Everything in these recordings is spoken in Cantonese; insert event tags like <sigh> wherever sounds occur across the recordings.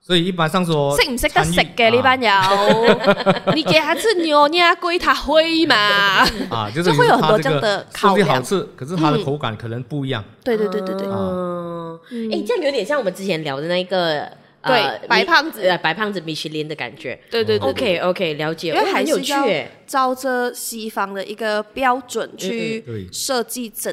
所以一般上說，識唔識得食嘅呢班友，你給下次牛我啲阿貴他會嘛？啊，就是會有很多這樣的考量。好吃，可是它的口感可能不一樣。對對對對對。嗯，誒，這樣有點像我們之前聊的那個，對，白胖子，白胖子米其林的感覺。對對對。OK OK，了解，因爲還是要照着西方的一個標準去設計整。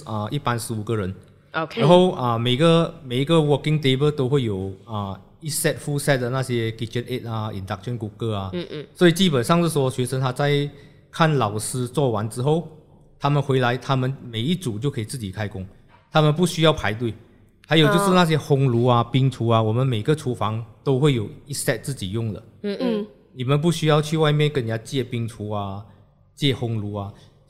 啊，一般十五個人，Okay. 然後啊，每個每一個 working table 都會有啊，一 set full set 的那些 kitchen aid 啊，induction Google 啊，嗯嗯，所以基本上是說學生他在看老師做完之後，他們回來，他們每一組就可以自己開工，他們不需要排隊。還有就是那些烘爐啊、哦、冰廚啊，我們每個廚房都會有一 set 自己用的。嗯嗯，你們不需要去外面跟人家借冰廚啊、借烘爐啊。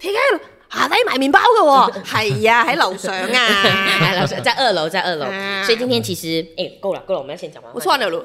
佢喺下底賣麵包嘅喎。哦，係 <laughs> 啊，喺樓上啊，喺 <laughs> 樓上，喺二樓，喺二樓。 <laughs> 所以今天其實，哎，啊，欸，夠啦，夠啦，我哋要先講完，我錯咗路。